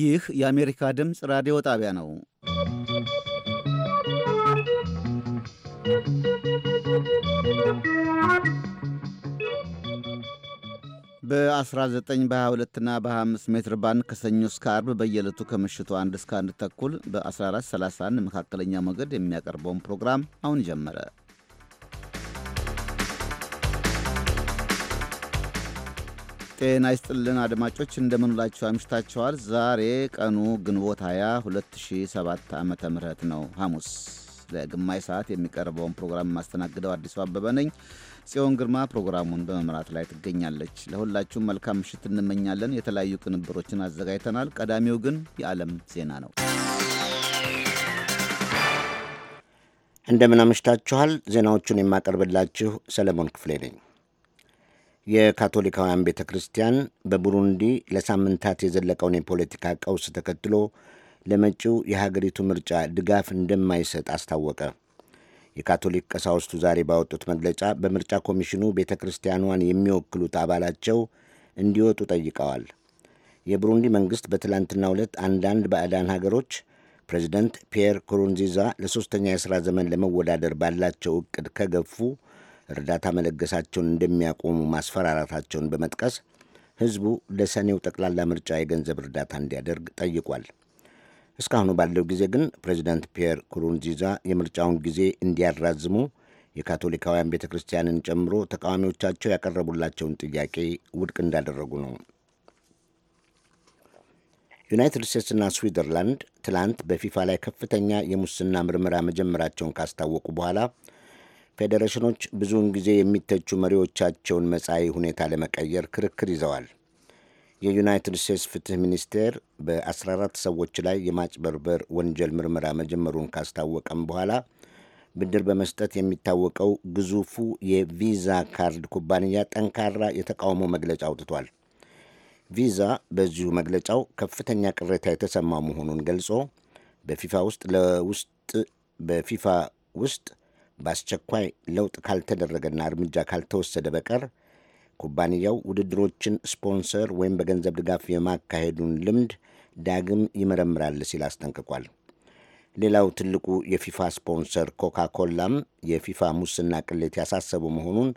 ይህ የአሜሪካ ድምፅ ራዲዮ ጣቢያ ነው። በ19 በ22ና በ25 ሜትር ባንድ ከሰኞ እስከ አርብ በየዕለቱ ከምሽቱ አንድ እስከ አንድ ተኩል በ1431 መካከለኛ ሞገድ የሚያቀርበውን ፕሮግራም አሁን ጀመረ። ጤና ይስጥልን አድማጮች እንደምንላችሁ አምሽታችኋል። ዛሬ ቀኑ ግንቦት 20 2007 ዓ ም ነው ሐሙስ። ለግማሽ ሰዓት የሚቀርበውን ፕሮግራም የማስተናግደው አዲሱ አበበ ነኝ። ጽዮን ግርማ ፕሮግራሙን በመምራት ላይ ትገኛለች። ለሁላችሁም መልካም ምሽት እንመኛለን። የተለያዩ ቅንብሮችን አዘጋጅተናል። ቀዳሚው ግን የዓለም ዜና ነው። እንደምን አምሽታችኋል። ዜናዎቹን የማቀርብላችሁ ሰለሞን ክፍሌ ነኝ። የካቶሊካውያን ቤተ ክርስቲያን በቡሩንዲ ለሳምንታት የዘለቀውን የፖለቲካ ቀውስ ተከትሎ ለመጪው የሀገሪቱ ምርጫ ድጋፍ እንደማይሰጥ አስታወቀ። የካቶሊክ ቀሳውስቱ ዛሬ ባወጡት መግለጫ በምርጫ ኮሚሽኑ ቤተ ክርስቲያኗን የሚወክሉት አባላቸው እንዲወጡ ጠይቀዋል። የቡሩንዲ መንግሥት በትላንትናው ዕለት አንዳንድ ባዕዳን ሀገሮች ፕሬዚደንት ፒየር ኩሩንዚዛ ለሦስተኛ የሥራ ዘመን ለመወዳደር ባላቸው ዕቅድ ከገፉ እርዳታ መለገሳቸውን እንደሚያቆሙ ማስፈራራታቸውን በመጥቀስ ሕዝቡ ለሰኔው ጠቅላላ ምርጫ የገንዘብ እርዳታ እንዲያደርግ ጠይቋል። እስካሁኑ ባለው ጊዜ ግን ፕሬዚዳንት ፒየር ኩሩንዚዛ የምርጫውን ጊዜ እንዲያራዝሙ የካቶሊካውያን ቤተ ክርስቲያንን ጨምሮ ተቃዋሚዎቻቸው ያቀረቡላቸውን ጥያቄ ውድቅ እንዳደረጉ ነው። ዩናይትድ ስቴትስና ስዊዘርላንድ ትላንት በፊፋ ላይ ከፍተኛ የሙስና ምርመራ መጀመራቸውን ካስታወቁ በኋላ ፌዴሬሽኖች ብዙውን ጊዜ የሚተቹ መሪዎቻቸውን መጻኢ ሁኔታ ለመቀየር ክርክር ይዘዋል። የዩናይትድ ስቴትስ ፍትህ ሚኒስቴር በ14 ሰዎች ላይ የማጭበርበር ወንጀል ምርመራ መጀመሩን ካስታወቀም በኋላ ብድር በመስጠት የሚታወቀው ግዙፉ የቪዛ ካርድ ኩባንያ ጠንካራ የተቃውሞ መግለጫ አውጥቷል። ቪዛ በዚሁ መግለጫው ከፍተኛ ቅሬታ የተሰማ መሆኑን ገልጾ በፊፋ ውስጥ ለውስጥ በፊፋ ውስጥ በአስቸኳይ ለውጥ ካልተደረገና እርምጃ ካልተወሰደ በቀር ኩባንያው ውድድሮችን ስፖንሰር ወይም በገንዘብ ድጋፍ የማካሄዱን ልምድ ዳግም ይመረምራል ሲል አስጠንቅቋል። ሌላው ትልቁ የፊፋ ስፖንሰር ኮካ ኮላም የፊፋ ሙስና ቅሌት ያሳሰቡ መሆኑን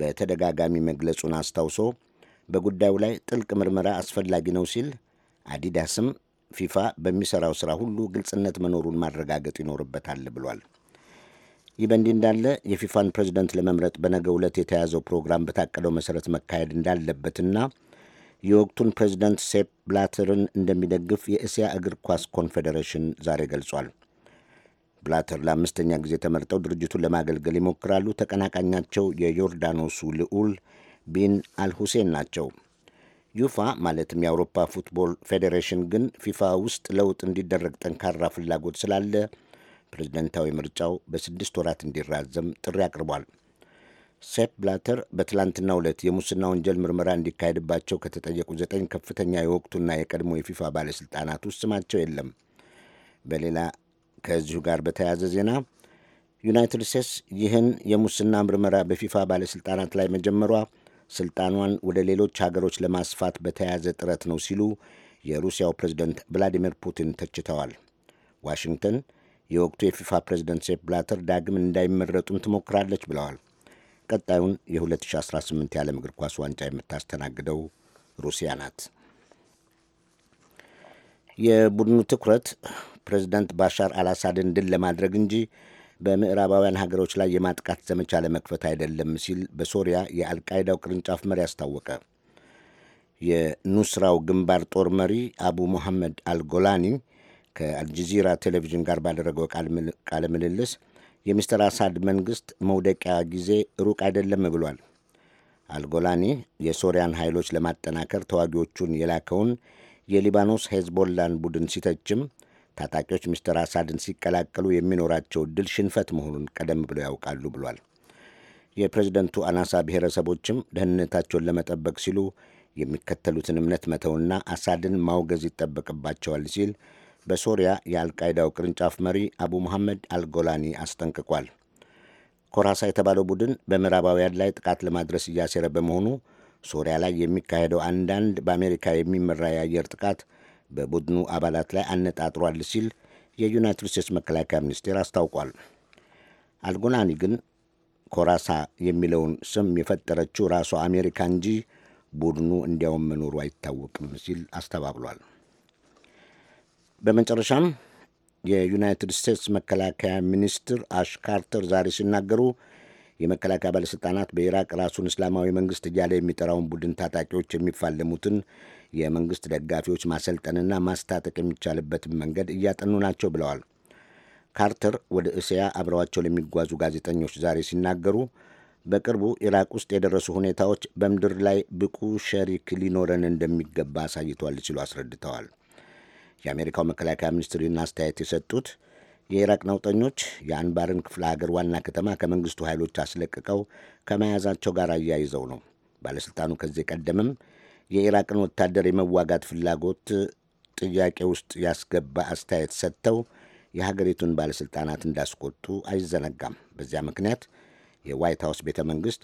በተደጋጋሚ መግለጹን አስታውሶ በጉዳዩ ላይ ጥልቅ ምርመራ አስፈላጊ ነው ሲል፣ አዲዳስም ፊፋ በሚሠራው ሥራ ሁሉ ግልጽነት መኖሩን ማረጋገጥ ይኖርበታል ብሏል። ይህ በእንዲህ እንዳለ የፊፋን ፕሬዚደንት ለመምረጥ በነገ ዕለት የተያዘው ፕሮግራም በታቀደው መሠረት መካሄድ እንዳለበትና የወቅቱን ፕሬዚደንት ሴፕ ብላተርን እንደሚደግፍ የእስያ እግር ኳስ ኮንፌዴሬሽን ዛሬ ገልጿል። ብላተር ለአምስተኛ ጊዜ ተመርጠው ድርጅቱን ለማገልገል ይሞክራሉ። ተቀናቃኛቸው የዮርዳኖሱ ልዑል ቢን አልሁሴን ናቸው። ዩፋ ማለትም የአውሮፓ ፉትቦል ፌዴሬሽን ግን ፊፋ ውስጥ ለውጥ እንዲደረግ ጠንካራ ፍላጎት ስላለ ፕሬዝደንታዊ ምርጫው በስድስት ወራት እንዲራዘም ጥሪ አቅርቧል። ሴፕ ብላተር በትላንትና ዕለት የሙስና ወንጀል ምርመራ እንዲካሄድባቸው ከተጠየቁ ዘጠኝ ከፍተኛ የወቅቱና የቀድሞ የፊፋ ባለሥልጣናት ውስጥ ስማቸው የለም። በሌላ ከዚሁ ጋር በተያያዘ ዜና ዩናይትድ ስቴትስ ይህን የሙስና ምርመራ በፊፋ ባለሥልጣናት ላይ መጀመሯ ስልጣኗን ወደ ሌሎች ሀገሮች ለማስፋት በተያያዘ ጥረት ነው ሲሉ የሩሲያው ፕሬዝደንት ቭላዲሚር ፑቲን ተችተዋል። ዋሽንግተን የወቅቱ የፊፋ ፕሬዚደንት ሴፕ ብላተር ዳግም እንዳይመረጡም ትሞክራለች ብለዋል። ቀጣዩን የ2018 የዓለም እግር ኳስ ዋንጫ የምታስተናግደው ሩሲያ ናት። የቡድኑ ትኩረት ፕሬዚደንት ባሻር አልአሳድን ድል ለማድረግ እንጂ በምዕራባውያን ሀገሮች ላይ የማጥቃት ዘመቻ ለመክፈት አይደለም ሲል በሶሪያ የአልቃይዳው ቅርንጫፍ መሪ አስታወቀ። የኑስራው ግንባር ጦር መሪ አቡ መሐመድ አልጎላኒ ከአልጀዚራ ቴሌቪዥን ጋር ባደረገው ቃለ ምልልስ የሚስተር አሳድ መንግሥት መውደቂያ ጊዜ ሩቅ አይደለም ብሏል። አልጎላኒ የሶሪያን ኃይሎች ለማጠናከር ተዋጊዎቹን የላከውን የሊባኖስ ሄዝቦላን ቡድን ሲተችም ታጣቂዎች ሚስተር አሳድን ሲቀላቀሉ የሚኖራቸው እድል ሽንፈት መሆኑን ቀደም ብለው ያውቃሉ ብሏል። የፕሬዝደንቱ አናሳ ብሔረሰቦችም ደህንነታቸውን ለመጠበቅ ሲሉ የሚከተሉትን እምነት መተውና አሳድን ማውገዝ ይጠበቅባቸዋል ሲል በሶሪያ የአልቃይዳው ቅርንጫፍ መሪ አቡ መሐመድ አልጎላኒ አስጠንቅቋል። ኮራሳ የተባለው ቡድን በምዕራባውያን ላይ ጥቃት ለማድረስ እያሴረ በመሆኑ ሶሪያ ላይ የሚካሄደው አንዳንድ በአሜሪካ የሚመራ የአየር ጥቃት በቡድኑ አባላት ላይ አነጣጥሯል ሲል የዩናይትድ ስቴትስ መከላከያ ሚኒስቴር አስታውቋል። አልጎላኒ ግን ኮራሳ የሚለውን ስም የፈጠረችው ራሷ አሜሪካ እንጂ ቡድኑ እንዲያውም መኖሩ አይታወቅም ሲል አስተባብሏል። በመጨረሻም የዩናይትድ ስቴትስ መከላከያ ሚኒስትር አሽ ካርተር ዛሬ ሲናገሩ የመከላከያ ባለሥልጣናት በኢራቅ ራሱን እስላማዊ መንግሥት እያለ የሚጠራውን ቡድን ታጣቂዎች የሚፋለሙትን የመንግሥት ደጋፊዎች ማሰልጠንና ማስታጠቅ የሚቻልበትን መንገድ እያጠኑ ናቸው ብለዋል። ካርተር ወደ እስያ አብረዋቸው ለሚጓዙ ጋዜጠኞች ዛሬ ሲናገሩ በቅርቡ ኢራቅ ውስጥ የደረሱ ሁኔታዎች በምድር ላይ ብቁ ሸሪክ ሊኖረን እንደሚገባ አሳይቷል ሲሉ አስረድተዋል። የአሜሪካው መከላከያ ሚኒስትር ይህን አስተያየት የሰጡት የኢራቅ ነውጠኞች የአንባርን ክፍለ ሀገር ዋና ከተማ ከመንግስቱ ኃይሎች አስለቅቀው ከመያዛቸው ጋር አያይዘው ነው። ባለሥልጣኑ ከዚህ ቀደምም የኢራቅን ወታደር የመዋጋት ፍላጎት ጥያቄ ውስጥ ያስገባ አስተያየት ሰጥተው የሀገሪቱን ባለሥልጣናት እንዳስቆጡ አይዘነጋም። በዚያ ምክንያት የዋይት ሀውስ ቤተ መንግሥት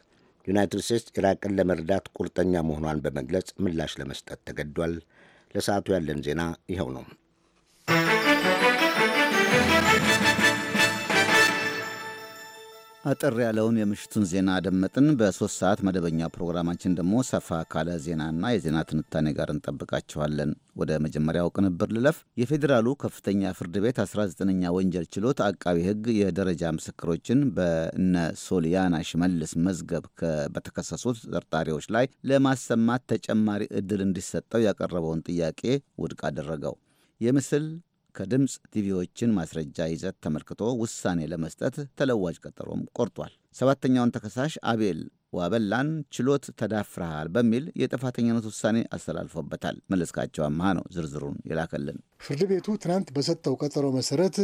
ዩናይትድ ስቴትስ ኢራቅን ለመርዳት ቁርጠኛ መሆኗን በመግለጽ ምላሽ ለመስጠት ተገዷል። ለሰዓቱ ያለን ዜና ይኸው ነው። አጠር ያለውን የምሽቱን ዜና አደመጥን። በሶስት ሰዓት መደበኛ ፕሮግራማችን ደግሞ ሰፋ ካለ ዜናና የዜና ትንታኔ ጋር እንጠብቃችኋለን። ወደ መጀመሪያው ቅንብር ልለፍ። የፌዴራሉ ከፍተኛ ፍርድ ቤት 19ኛ ወንጀል ችሎት አቃቢ ሕግ የደረጃ ምስክሮችን በእነ ሶሊያና ሽመልስ መዝገብ በተከሰሱት ተጠርጣሪዎች ላይ ለማሰማት ተጨማሪ ዕድል እንዲሰጠው ያቀረበውን ጥያቄ ውድቅ አደረገው። የምስል ከድምፅ ቲቪዎችን ማስረጃ ይዘት ተመልክቶ ውሳኔ ለመስጠት ተለዋጭ ቀጠሮም ቆርጧል። ሰባተኛውን ተከሳሽ አቤል ዋበላን ችሎት ተዳፍረሃል በሚል የጥፋተኛነት ውሳኔ አስተላልፎበታል። መለስካቸው አምሃ ነው ዝርዝሩን ይላከልን። ፍርድ ቤቱ ትናንት በሰጠው ቀጠሮ መሰረት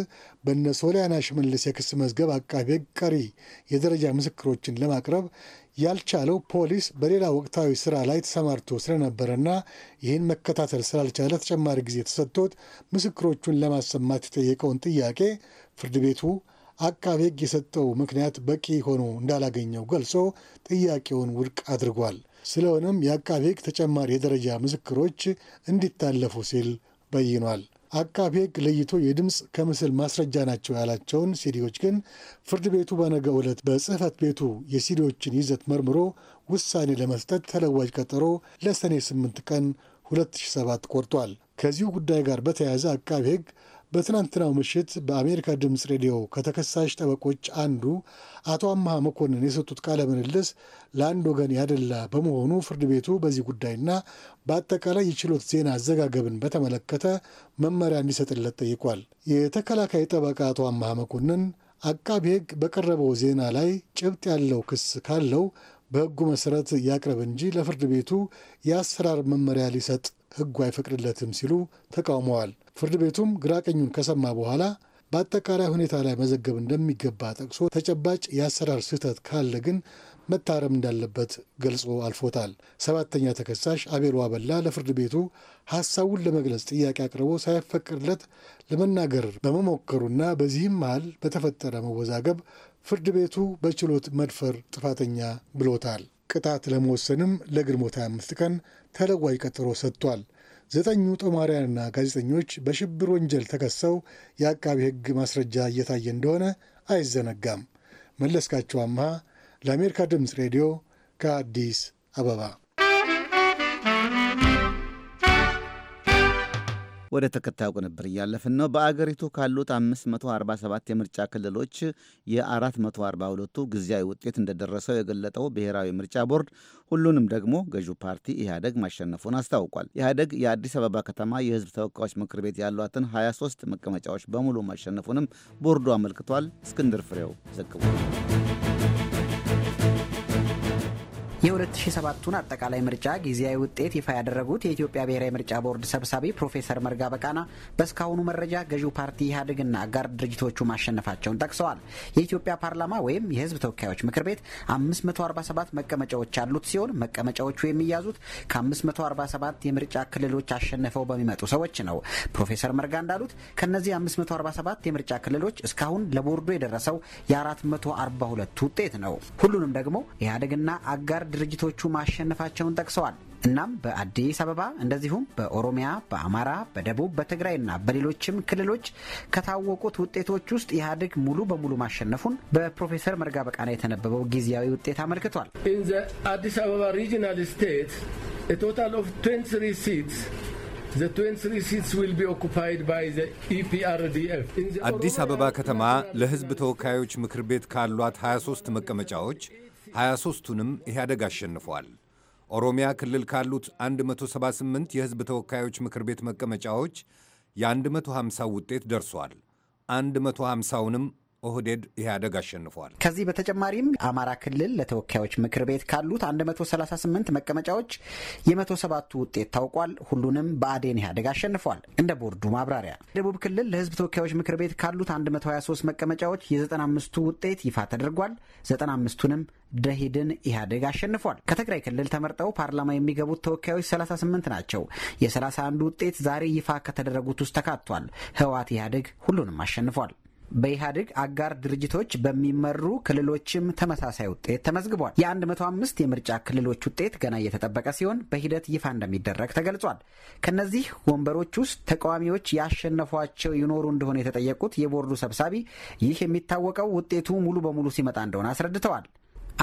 በነ ሶሊያና ሽመልስ የክስ መዝገብ አቃቤ ቀሪ የደረጃ ምስክሮችን ለማቅረብ ያልቻለው ፖሊስ በሌላ ወቅታዊ ስራ ላይ ተሰማርቶ ስለነበረና ይህን መከታተል ስላልቻለ ተጨማሪ ጊዜ ተሰጥቶት ምስክሮቹን ለማሰማት የጠየቀውን ጥያቄ ፍርድ ቤቱ አቃቤ ሕግ የሰጠው ምክንያት በቂ ሆኖ እንዳላገኘው ገልጾ ጥያቄውን ውድቅ አድርጓል። ስለሆነም የአቃቤ ሕግ ተጨማሪ የደረጃ ምስክሮች እንዲታለፉ ሲል በይኗል። አቃቤ ሕግ ለይቶ የድምፅ ከምስል ማስረጃ ናቸው ያላቸውን ሲዲዎች ግን ፍርድ ቤቱ በነገ ዕለት በጽህፈት ቤቱ የሲዲዎችን ይዘት መርምሮ ውሳኔ ለመስጠት ተለዋጅ ቀጠሮ ለሰኔ 8 ቀን 2007 ቆርጧል። ከዚሁ ጉዳይ ጋር በተያያዘ አቃቤ ሕግ በትናንትናው ምሽት በአሜሪካ ድምፅ ሬዲዮ ከተከሳሽ ጠበቆች አንዱ አቶ አምሃ መኮንን የሰጡት ቃለ ምልልስ ለአንድ ወገን ያደላ በመሆኑ ፍርድ ቤቱ በዚህ ጉዳይና በአጠቃላይ የችሎት ዜና አዘጋገብን በተመለከተ መመሪያ እንዲሰጥለት ጠይቋል። የተከላካይ ጠበቃ አቶ አምሃ መኮንን አቃቢ ሕግ በቀረበው ዜና ላይ ጭብጥ ያለው ክስ ካለው በሕጉ መሠረት ያቅረብ እንጂ ለፍርድ ቤቱ የአሰራር መመሪያ ሊሰጥ ሕጉ አይፈቅድለትም ሲሉ ተቃውመዋል። ፍርድ ቤቱም ግራቀኙን ከሰማ በኋላ በአጠቃላይ ሁኔታ ላይ መዘገብ እንደሚገባ ጠቅሶ ተጨባጭ የአሰራር ስህተት ካለ ግን መታረም እንዳለበት ገልጾ አልፎታል። ሰባተኛ ተከሳሽ አቤል ዋበላ ለፍርድ ቤቱ ሐሳቡን ለመግለጽ ጥያቄ አቅርቦ ሳይፈቀድለት ለመናገር በመሞከሩና በዚህም መሃል በተፈጠረ መወዛገብ ፍርድ ቤቱ በችሎት መድፈር ጥፋተኛ ብሎታል። ቅጣት ለመወሰንም ለግንቦት 25 ቀን ተለዋጭ ቀጠሮ ሰጥቷል። ዘጠኙ ጦማሪያንና ጋዜጠኞች በሽብር ወንጀል ተከሰው የአቃቢ ሕግ ማስረጃ እየታየ እንደሆነ አይዘነጋም። መለስካቸው አምሃ ለአሜሪካ ድምፅ ሬዲዮ ከአዲስ አበባ ወደ ተከታዩ ቅንብር እያለፍን ነው። በአገሪቱ ካሉት 547 የምርጫ ክልሎች የ442ቱ ጊዜያዊ ውጤት እንደደረሰው የገለጠው ብሔራዊ ምርጫ ቦርድ ሁሉንም ደግሞ ገዢው ፓርቲ ኢህአደግ ማሸነፉን አስታውቋል። ኢህአደግ የአዲስ አበባ ከተማ የህዝብ ተወካዮች ምክር ቤት ያሏትን 23 መቀመጫዎች በሙሉ ማሸነፉንም ቦርዱ አመልክቷል። እስክንድር ፍሬው ዘግቧል። የ2007ቱን አጠቃላይ ምርጫ ጊዜያዊ ውጤት ይፋ ያደረጉት የኢትዮጵያ ብሔራዊ ምርጫ ቦርድ ሰብሳቢ ፕሮፌሰር መርጋ በቃና በእስካሁኑ መረጃ ገዢው ፓርቲ ኢህአዴግና አጋር ድርጅቶቹ ማሸነፋቸውን ጠቅሰዋል። የኢትዮጵያ ፓርላማ ወይም የህዝብ ተወካዮች ምክር ቤት 547 መቀመጫዎች ያሉት ሲሆን መቀመጫዎቹ የሚያዙት ከ547 የምርጫ ክልሎች አሸንፈው በሚመጡ ሰዎች ነው። ፕሮፌሰር መርጋ እንዳሉት ከእነዚህ 547 የምርጫ ክልሎች እስካሁን ለቦርዱ የደረሰው የ442 ውጤት ነው። ሁሉንም ደግሞ ኢህአዴግና አጋር ድርጅቶቹ ማሸነፋቸውን ጠቅሰዋል። እናም በአዲስ አበባ እንደዚሁም በኦሮሚያ፣ በአማራ፣ በደቡብ፣ በትግራይና በሌሎችም ክልሎች ከታወቁት ውጤቶች ውስጥ ኢህአዴግ ሙሉ በሙሉ ማሸነፉን በፕሮፌሰር መርጋ በቃና የተነበበው ጊዜያዊ ውጤት አመልክቷል። ኢን አዲስ አበባ ሪጂናል ስቴት ቶታል ኦፍ 23 ሲትስ አዲስ አበባ ከተማ ለሕዝብ ተወካዮች ምክር ቤት ካሏት 23 መቀመጫዎች 23ቱንም ኢህአደግ አሸንፏል። ኦሮሚያ ክልል ካሉት 178 የሕዝብ ተወካዮች ምክር ቤት መቀመጫዎች የ150 ውጤት ደርሷል። 150ውንም ኦህዴድ ኢህአደግ አሸንፏል። ከዚህ በተጨማሪም አማራ ክልል ለተወካዮች ምክር ቤት ካሉት 138 መቀመጫዎች የ107ቱ ውጤት ታውቋል። ሁሉንም በአዴን ኢህአደግ አሸንፏል። እንደ ቦርዱ ማብራሪያ ደቡብ ክልል ለህዝብ ተወካዮች ምክር ቤት ካሉት 123 መቀመጫዎች የ95ቱ ውጤት ይፋ ተደርጓል። 95ቱንም ደሂድን ኢህአዴግ አሸንፏል። ከትግራይ ክልል ተመርጠው ፓርላማ የሚገቡት ተወካዮች 38 ናቸው። የ31 ውጤት ዛሬ ይፋ ከተደረጉት ውስጥ ተካቷል። ህወሓት ኢህአዴግ ሁሉንም አሸንፏል። በኢህአዴግ አጋር ድርጅቶች በሚመሩ ክልሎችም ተመሳሳይ ውጤት ተመዝግቧል። የ105 የምርጫ ክልሎች ውጤት ገና እየተጠበቀ ሲሆን በሂደት ይፋ እንደሚደረግ ተገልጿል። ከነዚህ ወንበሮች ውስጥ ተቃዋሚዎች ያሸነፏቸው ይኖሩ እንደሆነ የተጠየቁት የቦርዱ ሰብሳቢ ይህ የሚታወቀው ውጤቱ ሙሉ በሙሉ ሲመጣ እንደሆነ አስረድተዋል።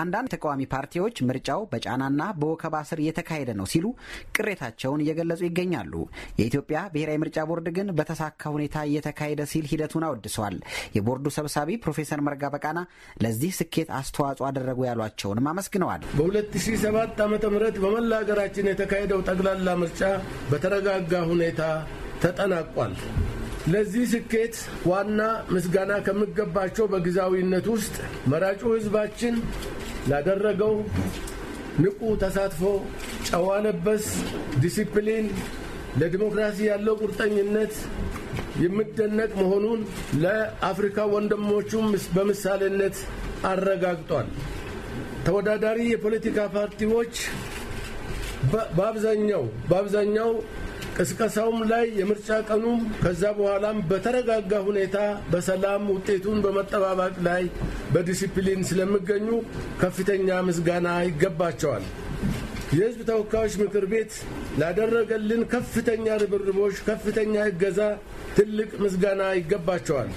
አንዳንድ ተቃዋሚ ፓርቲዎች ምርጫው በጫናና በወከባ ስር እየተካሄደ ነው ሲሉ ቅሬታቸውን እየገለጹ ይገኛሉ። የኢትዮጵያ ብሔራዊ ምርጫ ቦርድ ግን በተሳካ ሁኔታ እየተካሄደ ሲል ሂደቱን አወድሰዋል። የቦርዱ ሰብሳቢ ፕሮፌሰር መርጋ በቃና ለዚህ ስኬት አስተዋጽኦ አደረጉ ያሏቸውንም አመስግነዋል። በ2007 ዓ ም በመላ ሀገራችን የተካሄደው ጠቅላላ ምርጫ በተረጋጋ ሁኔታ ተጠናቋል። ለዚህ ስኬት ዋና ምስጋና ከሚገባቸው በጊዜያዊነት ውስጥ መራጩ ህዝባችን ላደረገው ንቁ ተሳትፎ፣ ጨዋ ለበስ ዲሲፕሊን፣ ለዲሞክራሲ ያለው ቁርጠኝነት የሚደነቅ መሆኑን ለአፍሪካ ወንድሞቹም በምሳሌነት አረጋግጧል። ተወዳዳሪ የፖለቲካ ፓርቲዎች በአብዛኛው በአብዛኛው ቅስቀሳውም ላይ የምርጫ ቀኑም ከዛ በኋላም በተረጋጋ ሁኔታ በሰላም ውጤቱን በመጠባበቅ ላይ በዲሲፕሊን ስለሚገኙ ከፍተኛ ምስጋና ይገባቸዋል። የሕዝብ ተወካዮች ምክር ቤት ላደረገልን ከፍተኛ ርብርቦች፣ ከፍተኛ እገዛ ትልቅ ምስጋና ይገባቸዋል።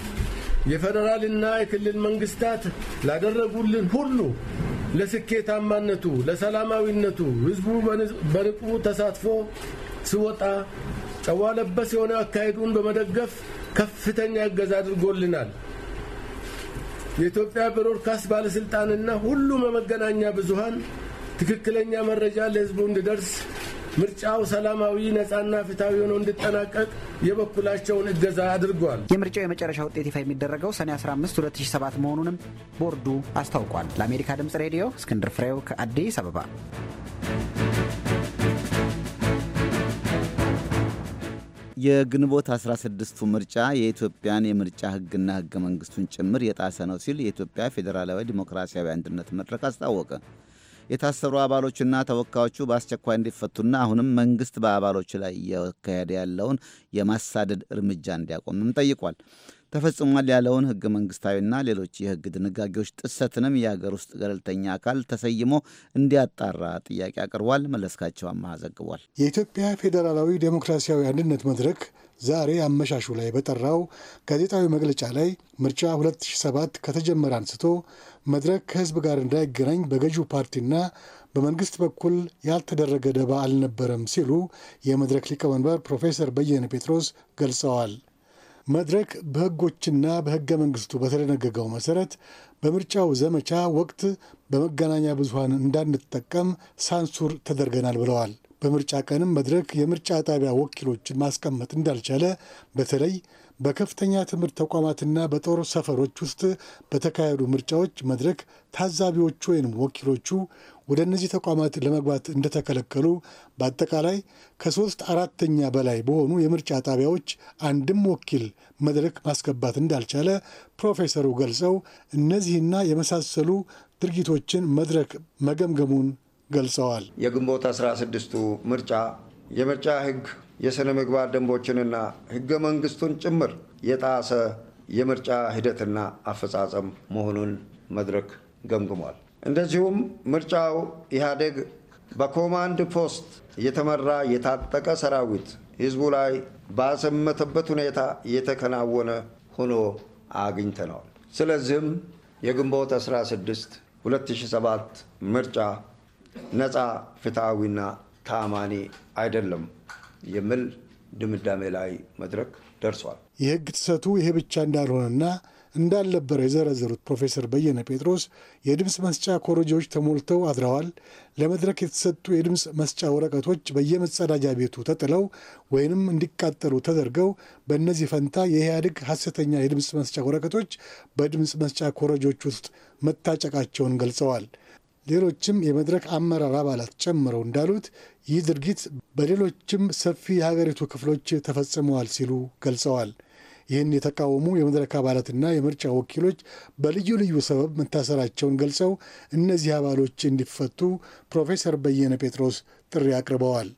የፌዴራልና የክልል መንግስታት ላደረጉልን ሁሉ ለስኬታማነቱ፣ ለሰላማዊነቱ ህዝቡ በንቁ ተሳትፎ ስወጣ ጨዋ ለበስ የሆነ አካሄዱን በመደገፍ ከፍተኛ እገዛ አድርጎልናል። የኢትዮጵያ ብሮድካስት ባለሥልጣንና ሁሉም የመገናኛ ብዙሃን ትክክለኛ መረጃ ለሕዝቡ እንዲደርስ ምርጫው ሰላማዊ ነጻና ፍትሐዊ ሆኖ እንዲጠናቀቅ የበኩላቸውን እገዛ አድርጓል። የምርጫው የመጨረሻ ውጤት ይፋ የሚደረገው ሰኔ 15 2007 መሆኑንም ቦርዱ አስታውቋል። ለአሜሪካ ድምፅ ሬዲዮ እስክንድር ፍሬው ከአዲስ አበባ የግንቦት 16ቱ ምርጫ የኢትዮጵያን የምርጫ ህግና ህገ መንግስቱን ጭምር የጣሰ ነው ሲል የኢትዮጵያ ፌዴራላዊ ዲሞክራሲያዊ አንድነት መድረክ አስታወቀ። የታሰሩ አባሎችና ተወካዮቹ በአስቸኳይ እንዲፈቱና አሁንም መንግስት በአባሎች ላይ እያካሄደ ያለውን የማሳደድ እርምጃ እንዲያቆምም ጠይቋል። ተፈጽሟል ያለውን ህገ መንግስታዊና ሌሎች የህግ ድንጋጌዎች ጥሰትንም የአገር ውስጥ ገለልተኛ አካል ተሰይሞ እንዲያጣራ ጥያቄ አቅርቧል። መለስካቸው አመሃ ዘግቧል። የኢትዮጵያ ፌዴራላዊ ዴሞክራሲያዊ አንድነት መድረክ ዛሬ አመሻሹ ላይ በጠራው ጋዜጣዊ መግለጫ ላይ ምርጫ 2007 ከተጀመረ አንስቶ መድረክ ከህዝብ ጋር እንዳይገናኝ በገዢው ፓርቲና በመንግስት በኩል ያልተደረገ ደባ አልነበረም ሲሉ የመድረክ ሊቀመንበር ፕሮፌሰር በየነ ጴጥሮስ ገልጸዋል። መድረክ በህጎችና በህገ መንግስቱ በተደነገገው መሰረት በምርጫው ዘመቻ ወቅት በመገናኛ ብዙሀን እንዳንጠቀም ሳንሱር ተደርገናል ብለዋል። በምርጫ ቀንም መድረክ የምርጫ ጣቢያ ወኪሎችን ማስቀመጥ እንዳልቻለ በተለይ በከፍተኛ ትምህርት ተቋማትና በጦር ሰፈሮች ውስጥ በተካሄዱ ምርጫዎች መድረክ ታዛቢዎቹ ወይም ወኪሎቹ ወደ እነዚህ ተቋማት ለመግባት እንደተከለከሉ በአጠቃላይ ከሶስት አራተኛ በላይ በሆኑ የምርጫ ጣቢያዎች አንድም ወኪል መድረክ ማስገባት እንዳልቻለ ፕሮፌሰሩ ገልጸው እነዚህና የመሳሰሉ ድርጊቶችን መድረክ መገምገሙን ገልጸዋል። የግንቦት 16ቱ ምርጫ የምርጫ ሕግ የሥነ ምግባር ደንቦችንና ሕገ መንግሥቱን ጭምር የጣሰ የምርጫ ሂደትና አፈጻጸም መሆኑን መድረክ ገምግሟል። እንደዚሁም ምርጫው ኢህአዴግ በኮማንድ ፖስት የተመራ የታጠቀ ሰራዊት ህዝቡ ላይ ባሰመተበት ሁኔታ የተከናወነ ሆኖ አግኝተነዋል። ስለዚህም የግንቦት 16 2007 ምርጫ ነፃ፣ ፍትሐዊና ታማኒ አይደለም የሚል ድምዳሜ ላይ መድረክ ደርሷል። የህግ ጥሰቱ ይሄ ብቻ እንዳልሆነና እንዳልነበረ የዘረዘሩት ፕሮፌሰር በየነ ጴጥሮስ የድምፅ መስጫ ኮረጆዎች ተሞልተው አድረዋል፣ ለመድረክ የተሰጡ የድምፅ መስጫ ወረቀቶች በየመጸዳጃ ቤቱ ተጥለው ወይንም እንዲቃጠሉ ተደርገው፣ በእነዚህ ፈንታ የኢህአዴግ ሐሰተኛ የድምፅ መስጫ ወረቀቶች በድምፅ መስጫ ኮረጆች ውስጥ መታጨቃቸውን ገልጸዋል። ሌሎችም የመድረክ አመራር አባላት ጨምረው እንዳሉት ይህ ድርጊት በሌሎችም ሰፊ የሀገሪቱ ክፍሎች ተፈጽመዋል ሲሉ ገልጸዋል። ይህን የተቃወሙ የመድረክ አባላትና የምርጫ ወኪሎች በልዩ ልዩ ሰበብ መታሰራቸውን ገልጸው እነዚህ አባሎች እንዲፈቱ ፕሮፌሰር በየነ ጴጥሮስ ጥሪ አቅርበዋል።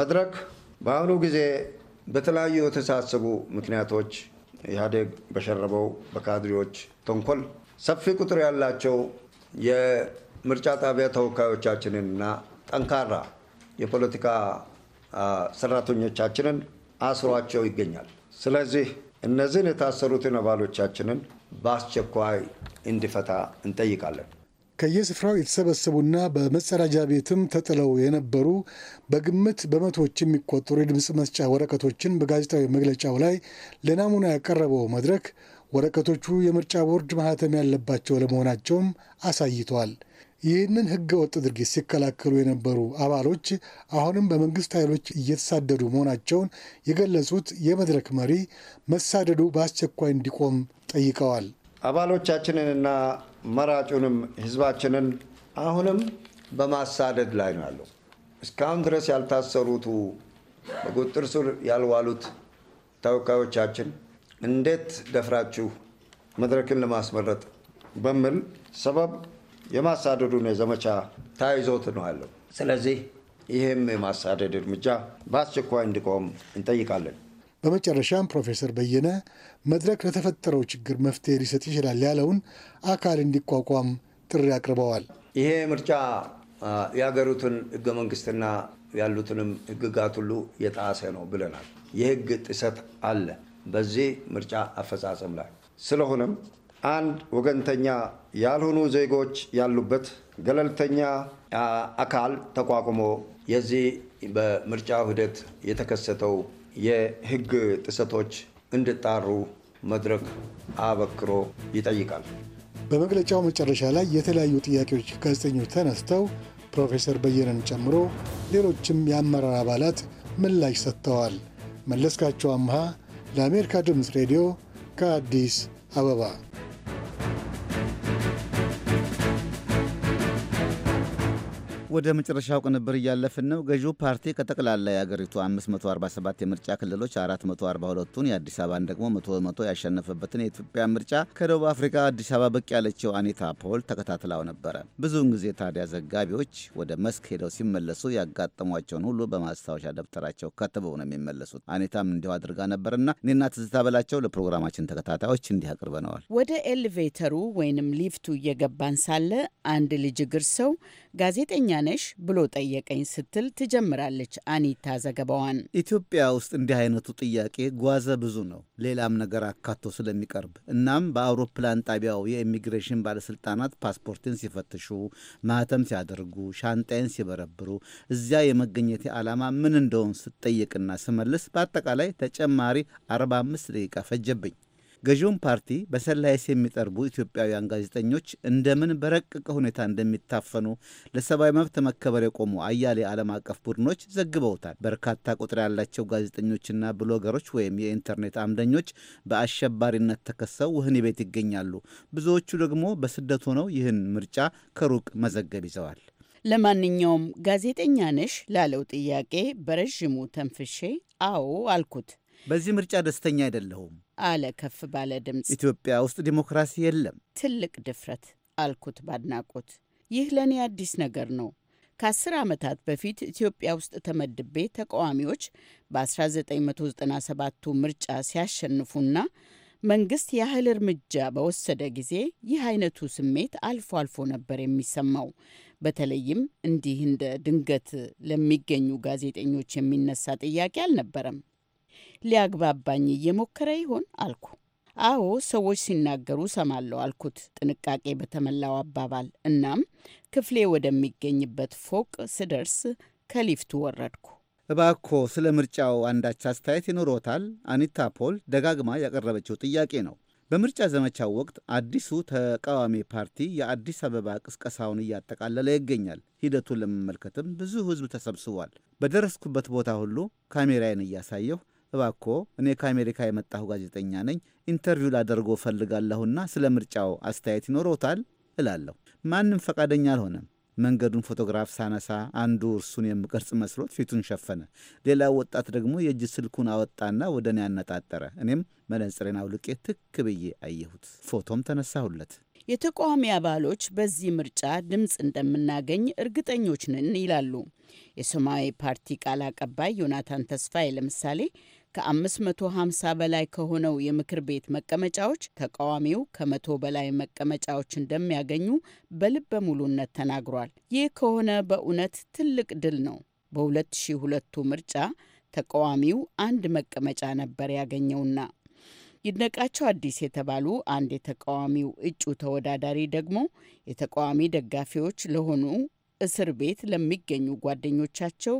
መድረክ በአሁኑ ጊዜ በተለያዩ የተሳሰቡ ምክንያቶች ኢህአዴግ በሸረበው በካድሬዎች ተንኮል ሰፊ ቁጥር ያላቸው ምርጫ ጣቢያ ተወካዮቻችንንና ጠንካራ የፖለቲካ ሰራተኞቻችንን አስሯቸው ይገኛል። ስለዚህ እነዚህን የታሰሩትን አባሎቻችንን በአስቸኳይ እንዲፈታ እንጠይቃለን። ከየስፍራው የተሰበሰቡና በመጸዳጃ ቤትም ተጥለው የነበሩ በግምት በመቶዎች የሚቆጠሩ የድምፅ መስጫ ወረቀቶችን በጋዜጣዊ መግለጫው ላይ ለናሙና ያቀረበው መድረክ ወረቀቶቹ የምርጫ ቦርድ ማህተም ያለባቸው ለመሆናቸውም አሳይተዋል። ይህንን ህገ ወጥ ድርጊት ሲከላከሉ የነበሩ አባሎች አሁንም በመንግስት ኃይሎች እየተሳደዱ መሆናቸውን የገለጹት የመድረክ መሪ መሳደዱ በአስቸኳይ እንዲቆም ጠይቀዋል። አባሎቻችንንና መራጩንም ህዝባችንን አሁንም በማሳደድ ላይ ነው ያለው። እስካሁን ድረስ ያልታሰሩቱ በቁጥር ስር ያልዋሉት ተወካዮቻችን እንዴት ደፍራችሁ መድረክን ለማስመረጥ በሚል ሰበብ የማሳደዱን የዘመቻ ታይዞት ነው ያለው። ስለዚህ ይህም የማሳደድ እርምጃ በአስቸኳይ እንዲቆም እንጠይቃለን። በመጨረሻም ፕሮፌሰር በየነ መድረክ ለተፈጠረው ችግር መፍትሄ ሊሰጥ ይችላል ያለውን አካል እንዲቋቋም ጥሪ አቅርበዋል። ይሄ ምርጫ የሀገሪቱን ህገ መንግስትና ያሉትንም ህግጋት ሁሉ የጣሰ ነው ብለናል። የህግ ጥሰት አለ በዚህ ምርጫ አፈጻጸም ላይ ስለሆነም አንድ ወገንተኛ ያልሆኑ ዜጎች ያሉበት ገለልተኛ አካል ተቋቁሞ የዚህ በምርጫው ሂደት የተከሰተው የሕግ ጥሰቶች እንዲጣሩ መድረክ አበክሮ ይጠይቃል። በመግለጫው መጨረሻ ላይ የተለያዩ ጥያቄዎች ጋዜጠኞች ተነስተው ፕሮፌሰር በየነን ጨምሮ ሌሎችም የአመራር አባላት ምላሽ ሰጥተዋል። መለስካቸው አምሃ ለአሜሪካ ድምፅ ሬዲዮ ከአዲስ አበባ ወደ መጨረሻው ቅንብር እያለፍን ነው። ገዢው ፓርቲ ከጠቅላላ የአገሪቱ 547 የምርጫ ክልሎች 442ቱን የአዲስ አበባን ደግሞ መቶ በመቶ ያሸነፈበትን የኢትዮጵያ ምርጫ ከደቡብ አፍሪካ አዲስ አበባ ብቅ ያለችው አኒታ ፖል ተከታትላው ነበረ። ብዙውን ጊዜ ታዲያ ዘጋቢዎች ወደ መስክ ሄደው ሲመለሱ ያጋጠሟቸውን ሁሉ በማስታወሻ ደብተራቸው ከትበው ነው የሚመለሱት። አኒታም እንዲሁ አድርጋ ነበርና እኔና ትዝታ በላቸው ለፕሮግራማችን ተከታታዮች እንዲህ አቅርበነዋል። ወደ ኤሌቬተሩ ወይንም ሊፍቱ እየገባን ሳለ አንድ ልጅ እግር ሰው ጋዜጠኛ ነሽ ብሎ ጠየቀኝ ስትል ትጀምራለች አኒታ ዘገባዋን። ኢትዮጵያ ውስጥ እንዲህ አይነቱ ጥያቄ ጓዘ ብዙ ነው፣ ሌላም ነገር አካቶ ስለሚቀርብ እናም በአውሮፕላን ጣቢያው የኢሚግሬሽን ባለስልጣናት ፓስፖርትን ሲፈትሹ፣ ማህተም ሲያደርጉ፣ ሻንጣይን ሲበረብሩ እዚያ የመገኘት ዓላማ ምን እንደሆን ስጠየቅና ስመልስ በአጠቃላይ ተጨማሪ 45 ደቂቃ ፈጀብኝ። ገዢውን ፓርቲ በሰላይስ የሚጠርቡ ኢትዮጵያውያን ጋዜጠኞች እንደምን በረቀቀ ሁኔታ እንደሚታፈኑ ለሰብአዊ መብት መከበር የቆሙ አያሌ ዓለም አቀፍ ቡድኖች ዘግበውታል። በርካታ ቁጥር ያላቸው ጋዜጠኞችና ብሎገሮች ወይም የኢንተርኔት አምደኞች በአሸባሪነት ተከሰው ወህኒ ቤት ይገኛሉ። ብዙዎቹ ደግሞ በስደት ሆነው ይህን ምርጫ ከሩቅ መዘገብ ይዘዋል። ለማንኛውም ጋዜጠኛ ነሽ ላለው ጥያቄ በረዥሙ ተንፍሼ አዎ አልኩት። በዚህ ምርጫ ደስተኛ አይደለሁም አለ ከፍ ባለ ድምፅ። ኢትዮጵያ ውስጥ ዲሞክራሲ የለም። ትልቅ ድፍረት አልኩት ባድናቆት። ይህ ለእኔ አዲስ ነገር ነው። ከአስር ዓመታት በፊት ኢትዮጵያ ውስጥ ተመድቤ ተቃዋሚዎች በ1997ቱ ምርጫ ሲያሸንፉና መንግስት ያህል እርምጃ በወሰደ ጊዜ ይህ አይነቱ ስሜት አልፎ አልፎ ነበር የሚሰማው። በተለይም እንዲህ እንደ ድንገት ለሚገኙ ጋዜጠኞች የሚነሳ ጥያቄ አልነበረም። ሊያግባባኝ እየሞከረ ይሆን አልኩ። አዎ ሰዎች ሲናገሩ ሰማለሁ አልኩት ጥንቃቄ በተሞላው አባባል። እናም ክፍሌ ወደሚገኝበት ፎቅ ስደርስ ከሊፍቱ ወረድኩ። እባኮ ስለ ምርጫው አንዳች አስተያየት ይኖሮታል? አኒታ ፖል ደጋግማ ያቀረበችው ጥያቄ ነው። በምርጫ ዘመቻው ወቅት አዲሱ ተቃዋሚ ፓርቲ የአዲስ አበባ ቅስቀሳውን እያጠቃለለ ይገኛል። ሂደቱን ለመመልከትም ብዙ ሕዝብ ተሰብስቧል። በደረስኩበት ቦታ ሁሉ ካሜራዬን እያሳየሁ እባኮ እኔ ከአሜሪካ የመጣሁ ጋዜጠኛ ነኝ፣ ኢንተርቪው ላደርጎ እፈልጋለሁና ስለ ምርጫው አስተያየት ይኖረውታል እላለሁ። ማንም ፈቃደኛ አልሆነም። መንገዱን ፎቶግራፍ ሳነሳ አንዱ እርሱን የምቀርጽ መስሎት ፊቱን ሸፈነ። ሌላው ወጣት ደግሞ የእጅ ስልኩን አወጣና ወደ እኔ አነጣጠረ። እኔም መነጽሬን አውልቄ ትክ ብዬ አየሁት። ፎቶም ተነሳሁለት። የተቃዋሚ አባሎች በዚህ ምርጫ ድምፅ እንደምናገኝ እርግጠኞች ነን ይላሉ። የሰማያዊ ፓርቲ ቃል አቀባይ ዮናታን ተስፋዬ ለምሳሌ ከ550 በላይ ከሆነው የምክር ቤት መቀመጫዎች ተቃዋሚው ከመቶ በላይ መቀመጫዎች እንደሚያገኙ በልበ ሙሉነት ተናግሯል። ይህ ከሆነ በእውነት ትልቅ ድል ነው። በ2002ቱ ምርጫ ተቃዋሚው አንድ መቀመጫ ነበር ያገኘውና ይድነቃቸው አዲስ የተባሉ አንድ የተቃዋሚው እጩ ተወዳዳሪ ደግሞ የተቃዋሚ ደጋፊዎች ለሆኑ እስር ቤት ለሚገኙ ጓደኞቻቸው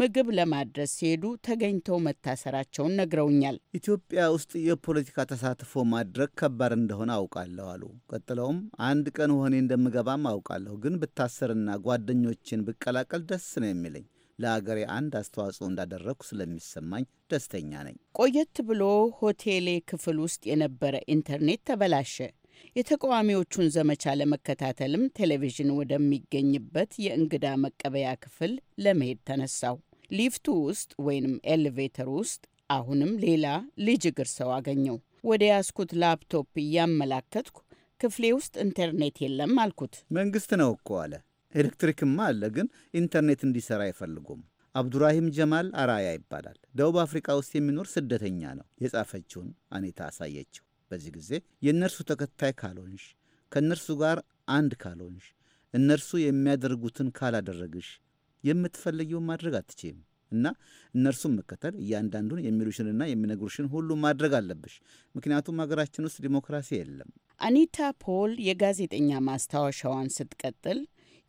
ምግብ ለማድረስ ሲሄዱ ተገኝተው መታሰራቸውን ነግረውኛል። ኢትዮጵያ ውስጥ የፖለቲካ ተሳትፎ ማድረግ ከባድ እንደሆነ አውቃለሁ አሉ። ቀጥለውም አንድ ቀን ሆኔ እንደምገባም አውቃለሁ፣ ግን ብታሰርና ጓደኞችን ብቀላቀል ደስ ነው የሚለኝ። ለአገሬ አንድ አስተዋጽኦ እንዳደረግኩ ስለሚሰማኝ ደስተኛ ነኝ። ቆየት ብሎ ሆቴሌ ክፍል ውስጥ የነበረ ኢንተርኔት ተበላሸ። የተቃዋሚዎቹን ዘመቻ ለመከታተልም ቴሌቪዥን ወደሚገኝበት የእንግዳ መቀበያ ክፍል ለመሄድ ተነሳው። ሊፍቱ ውስጥ ወይንም ኤሌቬተር ውስጥ አሁንም ሌላ ልጅ እግር ሰው አገኘው። ወደ ያስኩት ላፕቶፕ እያመላከትኩ ክፍሌ ውስጥ ኢንተርኔት የለም አልኩት። መንግስት ነው እኮ አለ። ኤሌክትሪክማ አለ፣ ግን ኢንተርኔት እንዲሰራ አይፈልጉም። አብዱራሂም ጀማል አራያ ይባላል። ደቡብ አፍሪካ ውስጥ የሚኖር ስደተኛ ነው። የጻፈችውን አኔታ አሳየችው። በዚህ ጊዜ የእነርሱ ተከታይ ካልሆንሽ፣ ከእነርሱ ጋር አንድ ካልሆንሽ፣ እነርሱ የሚያደርጉትን ካላደረግሽ የምትፈልጊውን ማድረግ አትችም እና እነርሱን መከተል እያንዳንዱን የሚሉሽንና የሚነግሩሽን ሁሉ ማድረግ አለብሽ። ምክንያቱም ሀገራችን ውስጥ ዲሞክራሲ የለም። አኒታ ፖል የጋዜጠኛ ማስታወሻዋን ስትቀጥል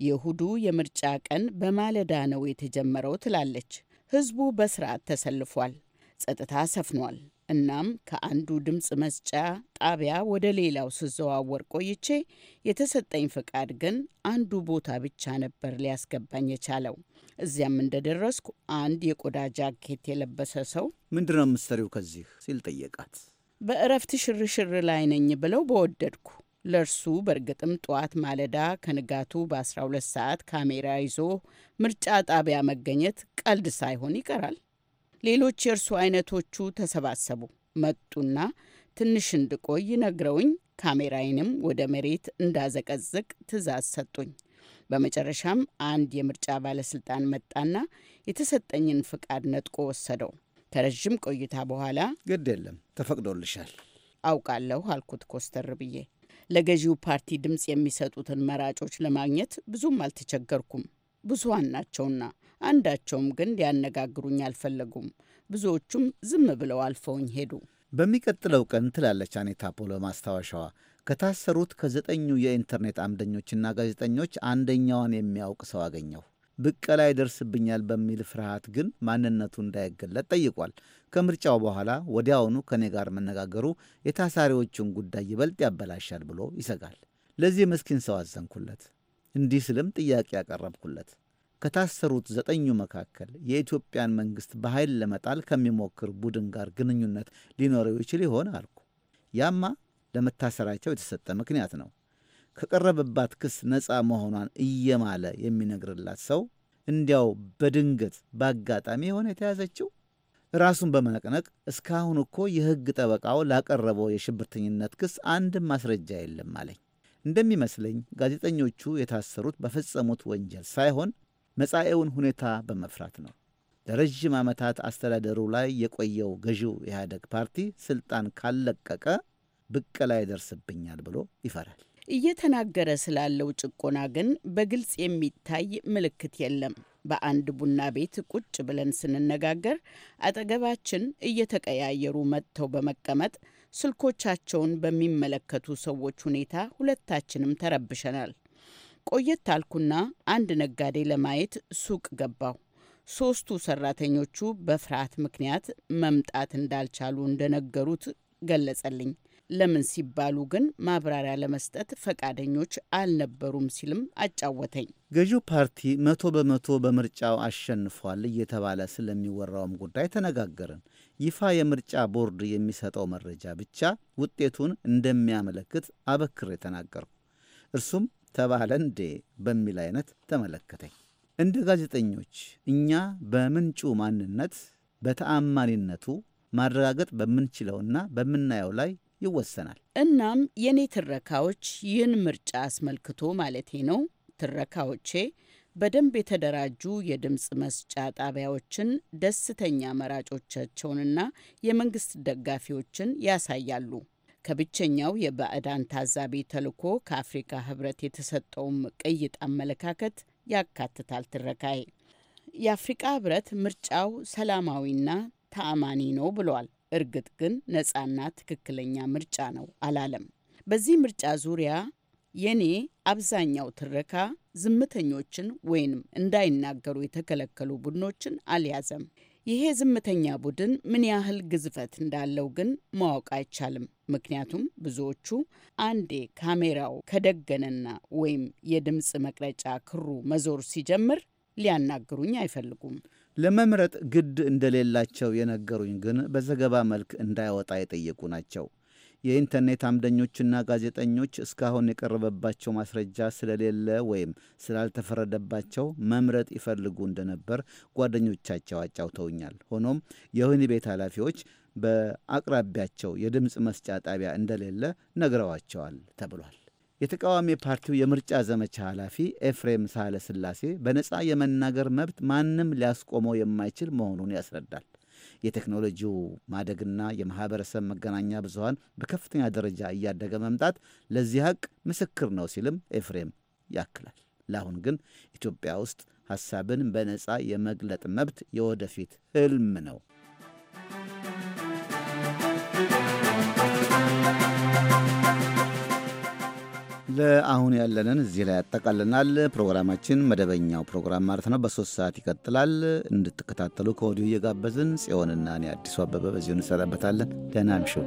የእሁዱ የምርጫ ቀን በማለዳ ነው የተጀመረው ትላለች። ህዝቡ በስርዓት ተሰልፏል። ጸጥታ ሰፍኗል። እናም ከአንዱ ድምፅ መስጫ ጣቢያ ወደ ሌላው ስዘዋወር ቆይቼ የተሰጠኝ ፈቃድ ግን አንዱ ቦታ ብቻ ነበር ሊያስገባኝ የቻለው። እዚያም እንደደረስኩ አንድ የቆዳ ጃኬት የለበሰ ሰው ምንድነው የምትሰሪው ከዚህ ሲል ጠየቃት። በእረፍት ሽርሽር ላይ ነኝ ብለው በወደድኩ ለእርሱ በእርግጥም ጠዋት ማለዳ ከንጋቱ በ12 ሰዓት ካሜራ ይዞ ምርጫ ጣቢያ መገኘት ቀልድ ሳይሆን ይቀራል። ሌሎች የእርሱ አይነቶቹ ተሰባሰቡ መጡና ትንሽ እንድቆይ ነግረውኝ ካሜራዬንም ወደ መሬት እንዳዘቀዝቅ ትእዛዝ ሰጡኝ። በመጨረሻም አንድ የምርጫ ባለስልጣን መጣና የተሰጠኝን ፍቃድ ነጥቆ ወሰደው። ከረዥም ቆይታ በኋላ ግድ የለም ተፈቅዶልሻል፣ አውቃለሁ አልኩት ኮስተር ብዬ። ለገዢው ፓርቲ ድምፅ የሚሰጡትን መራጮች ለማግኘት ብዙም አልተቸገርኩም፣ ብዙሀን ናቸውና አንዳቸውም ግን ሊያነጋግሩኝ አልፈለጉም። ብዙዎቹም ዝም ብለው አልፈውኝ ሄዱ። በሚቀጥለው ቀን ትላለች አኔታ ፖሎ ማስታወሻዋ፣ ከታሰሩት ከዘጠኙ የኢንተርኔት አምደኞችና ጋዜጠኞች አንደኛዋን የሚያውቅ ሰው አገኘሁ። ብቀላ ይደርስብኛል በሚል ፍርሃት ግን ማንነቱ እንዳይገለጥ ጠይቋል። ከምርጫው በኋላ ወዲያውኑ ከእኔ ጋር መነጋገሩ የታሳሪዎቹን ጉዳይ ይበልጥ ያበላሻል ብሎ ይሰጋል። ለዚህ ምስኪን ሰው አዘንኩለት። እንዲህ ስልም ጥያቄ ያቀረብኩለት ከታሰሩት ዘጠኙ መካከል የኢትዮጵያን መንግሥት በኃይል ለመጣል ከሚሞክር ቡድን ጋር ግንኙነት ሊኖረው ይችል ይሆን አልኩ። ያማ ለመታሰራቸው የተሰጠ ምክንያት ነው። ከቀረበባት ክስ ነፃ መሆኗን እየማለ የሚነግርላት ሰው እንዲያው በድንገት በአጋጣሚ የሆነ የተያዘችው ራሱን በመነቅነቅ እስካሁን እኮ የሕግ ጠበቃው ላቀረበው የሽብርተኝነት ክስ አንድም ማስረጃ የለም አለኝ። እንደሚመስለኝ ጋዜጠኞቹ የታሰሩት በፈጸሙት ወንጀል ሳይሆን መጻኤውን ሁኔታ በመፍራት ነው። ለረዥም ዓመታት አስተዳደሩ ላይ የቆየው ገዢው ኢህአደግ ፓርቲ ስልጣን ካለቀቀ ብቀላ ይደርስብኛል ብሎ ይፈራል። እየተናገረ ስላለው ጭቆና ግን በግልጽ የሚታይ ምልክት የለም። በአንድ ቡና ቤት ቁጭ ብለን ስንነጋገር አጠገባችን እየተቀያየሩ መጥተው በመቀመጥ ስልኮቻቸውን በሚመለከቱ ሰዎች ሁኔታ ሁለታችንም ተረብሸናል። ቆየት አልኩና አንድ ነጋዴ ለማየት ሱቅ ገባሁ። ሶስቱ ሰራተኞቹ በፍርሃት ምክንያት መምጣት እንዳልቻሉ እንደነገሩት ገለጸልኝ። ለምን ሲባሉ ግን ማብራሪያ ለመስጠት ፈቃደኞች አልነበሩም ሲልም አጫወተኝ። ገዢው ፓርቲ መቶ በመቶ በምርጫው አሸንፏል እየተባለ ስለሚወራውም ጉዳይ ተነጋገርን። ይፋ የምርጫ ቦርድ የሚሰጠው መረጃ ብቻ ውጤቱን እንደሚያመለክት አበክሬ ተናገርኩ። እርሱም ተባለ እንዴ በሚል አይነት ተመለከተኝ። እንደ ጋዜጠኞች እኛ በምንጩ ማንነት በተአማኒነቱ ማረጋገጥ በምንችለውና በምናየው ላይ ይወሰናል። እናም የኔ ትረካዎች ይህን ምርጫ አስመልክቶ ማለቴ ነው። ትረካዎቼ በደንብ የተደራጁ የድምፅ መስጫ ጣቢያዎችን፣ ደስተኛ መራጮቻቸውንና የመንግስት ደጋፊዎችን ያሳያሉ። ከብቸኛው የባዕዳን ታዛቢ ተልዕኮ ከአፍሪካ ህብረት የተሰጠውም ቅይጥ አመለካከት ያካትታል። ትረካይ የአፍሪቃ ህብረት ምርጫው ሰላማዊና ተአማኒ ነው ብሏል። እርግጥ ግን ነፃና ትክክለኛ ምርጫ ነው አላለም። በዚህ ምርጫ ዙሪያ የኔ አብዛኛው ትረካ ዝምተኞችን ወይንም እንዳይናገሩ የተከለከሉ ቡድኖችን አልያዘም። ይሄ ዝምተኛ ቡድን ምን ያህል ግዝፈት እንዳለው ግን ማወቅ አይቻልም። ምክንያቱም ብዙዎቹ አንዴ ካሜራው ከደገነና ወይም የድምፅ መቅረጫ ክሩ መዞር ሲጀምር ሊያናግሩኝ አይፈልጉም። ለመምረጥ ግድ እንደሌላቸው የነገሩኝ ግን በዘገባ መልክ እንዳይወጣ የጠየቁ ናቸው። የኢንተርኔት አምደኞችና ጋዜጠኞች እስካሁን የቀረበባቸው ማስረጃ ስለሌለ ወይም ስላልተፈረደባቸው መምረጥ ይፈልጉ እንደነበር ጓደኞቻቸው አጫውተውኛል። ሆኖም የወህኒ ቤት ኃላፊዎች በአቅራቢያቸው የድምፅ መስጫ ጣቢያ እንደሌለ ነግረዋቸዋል ተብሏል። የተቃዋሚ ፓርቲው የምርጫ ዘመቻ ኃላፊ ኤፍሬም ሳህለ ስላሴ በነፃ የመናገር መብት ማንም ሊያስቆመው የማይችል መሆኑን ያስረዳል። የቴክኖሎጂው ማደግና የማህበረሰብ መገናኛ ብዙሀን በከፍተኛ ደረጃ እያደገ መምጣት ለዚህ ሀቅ ምስክር ነው ሲልም ኤፍሬም ያክላል። ለአሁን ግን ኢትዮጵያ ውስጥ ሀሳብን በነፃ የመግለጥ መብት የወደፊት ህልም ነው። ለአሁን ያለንን እዚህ ላይ ያጠቃልናል። ፕሮግራማችን መደበኛው ፕሮግራም ማለት ነው በሶስት ሰዓት ይቀጥላል። እንድትከታተሉ ከወዲሁ እየጋበዝን ጽዮንና እኔ አዲሱ አበበ በዚሁ እንሰናበታለን። ደህና you.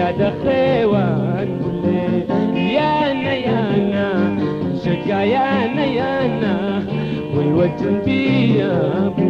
نادى خوان بلي يانا يانا شقا يانا يانا والوجه بيا بلي